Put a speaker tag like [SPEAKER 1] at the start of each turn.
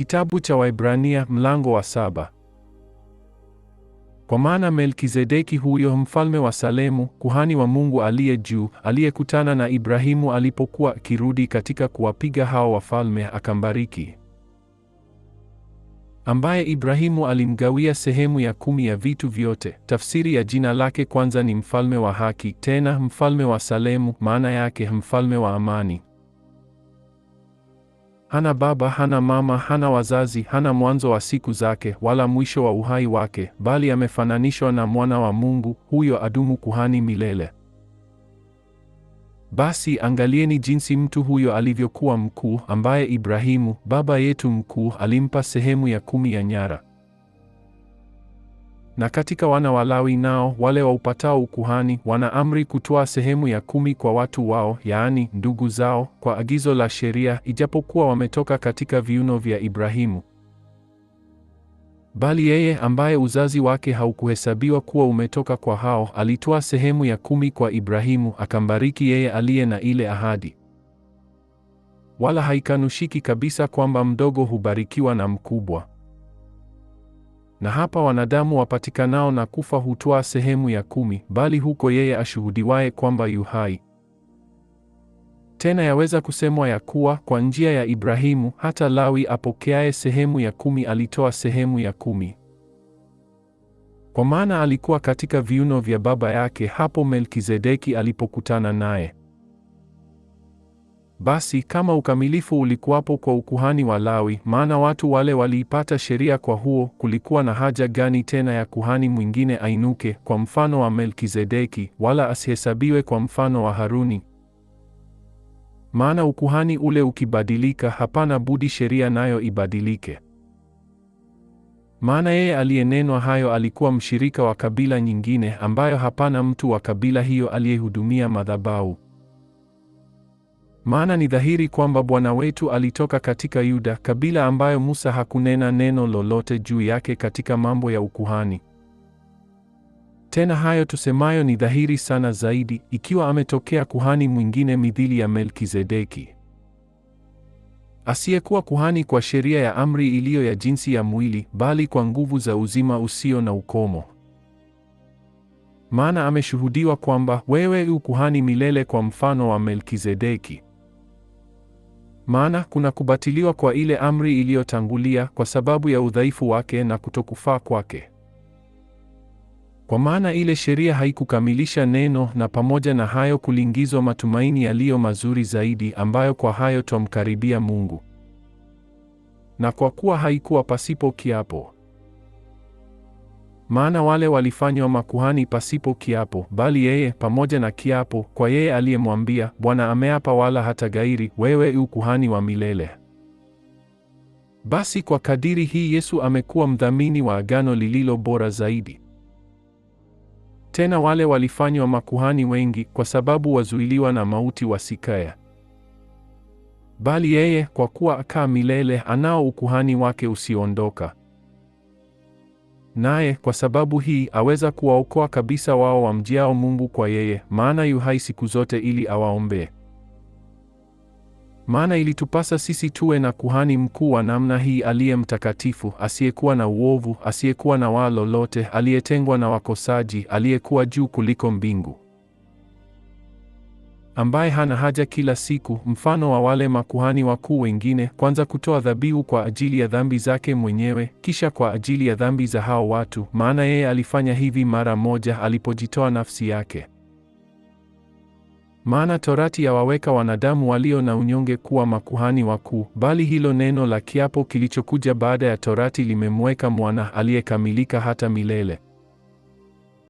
[SPEAKER 1] Kitabu cha Waibrania mlango wa saba. Kwa maana Melkizedeki huyo mfalme wa Salemu, kuhani wa Mungu aliye juu, aliyekutana na Ibrahimu alipokuwa akirudi katika kuwapiga hao wafalme, akambariki, ambaye Ibrahimu alimgawia sehemu ya kumi ya vitu vyote. Tafsiri ya jina lake kwanza ni mfalme wa haki, tena mfalme wa Salemu, maana yake mfalme wa amani. Hana baba, hana mama, hana wazazi, hana mwanzo wa siku zake wala mwisho wa uhai wake, bali amefananishwa na mwana wa Mungu, huyo adumu kuhani milele. Basi angalieni jinsi mtu huyo alivyokuwa mkuu, ambaye Ibrahimu baba yetu mkuu alimpa sehemu ya kumi ya nyara. Na katika wana wa Lawi nao wale wa upatao ukuhani wana amri kutoa sehemu ya kumi kwa watu wao, yaani ndugu zao, kwa agizo la sheria, ijapokuwa wametoka katika viuno vya Ibrahimu. Bali yeye ambaye uzazi wake haukuhesabiwa kuwa umetoka kwa hao, alitoa sehemu ya kumi kwa Ibrahimu, akambariki yeye aliye na ile ahadi. Wala haikanushiki kabisa kwamba mdogo hubarikiwa na mkubwa na hapa wanadamu wapatikanao na kufa hutoa sehemu ya kumi, bali huko yeye ashuhudiwaye kwamba yu hai. Tena yaweza kusemwa ya kuwa kwa njia ya Ibrahimu hata Lawi apokeaye sehemu ya kumi alitoa sehemu ya kumi, kwa maana alikuwa katika viuno vya baba yake hapo Melkizedeki alipokutana naye. Basi kama ukamilifu ulikuwapo kwa ukuhani wa Lawi, maana watu wale waliipata sheria kwa huo, kulikuwa na haja gani tena ya kuhani mwingine ainuke kwa mfano wa Melkizedeki, wala asihesabiwe kwa mfano wa Haruni? Maana ukuhani ule ukibadilika, hapana budi sheria nayo ibadilike. Maana yeye aliyenenwa hayo alikuwa mshirika wa kabila nyingine, ambayo hapana mtu wa kabila hiyo aliyehudumia madhabahu. Maana ni dhahiri kwamba Bwana wetu alitoka katika Yuda, kabila ambayo Musa hakunena neno lolote juu yake katika mambo ya ukuhani. Tena hayo tusemayo ni dhahiri sana zaidi, ikiwa ametokea kuhani mwingine midhili ya Melkizedeki, asiyekuwa kuhani kwa sheria ya amri iliyo ya jinsi ya mwili, bali kwa nguvu za uzima usio na ukomo. Maana ameshuhudiwa kwamba wewe u kuhani milele kwa mfano wa Melkizedeki. Maana kuna kubatiliwa kwa ile amri iliyotangulia kwa sababu ya udhaifu wake na kutokufaa kwake. Kwa maana ile sheria haikukamilisha neno, na pamoja na hayo kulingizwa matumaini yaliyo mazuri zaidi, ambayo kwa hayo twamkaribia Mungu. Na kwa kuwa haikuwa pasipo kiapo maana wale walifanywa makuhani pasipo kiapo, bali yeye pamoja na kiapo kwa yeye aliyemwambia, Bwana ameapa wala hata gairi wewe u kuhani wa milele. Basi kwa kadiri hii Yesu amekuwa mdhamini wa agano lililo bora zaidi. Tena wale walifanywa makuhani wengi kwa sababu wazuiliwa na mauti wasikaya. Bali yeye kwa kuwa akaa milele anao ukuhani wake usioondoka naye kwa sababu hii aweza kuwaokoa kabisa wao wamjiao Mungu kwa yeye, maana yu hai siku zote ili awaombee. Maana ilitupasa sisi tuwe na kuhani mkuu wa namna hii, aliye mtakatifu, asiyekuwa na uovu, asiyekuwa na waa lolote, aliyetengwa na wakosaji, aliyekuwa juu kuliko mbingu ambaye hana haja kila siku, mfano wa wale makuhani wakuu wengine, kwanza kutoa dhabihu kwa ajili ya dhambi zake mwenyewe, kisha kwa ajili ya dhambi za hao watu, maana yeye alifanya hivi mara moja alipojitoa nafsi yake. Maana torati yawaweka wanadamu walio na unyonge kuwa makuhani wakuu, bali hilo neno la kiapo kilichokuja baada ya torati limemweka mwana aliyekamilika hata milele.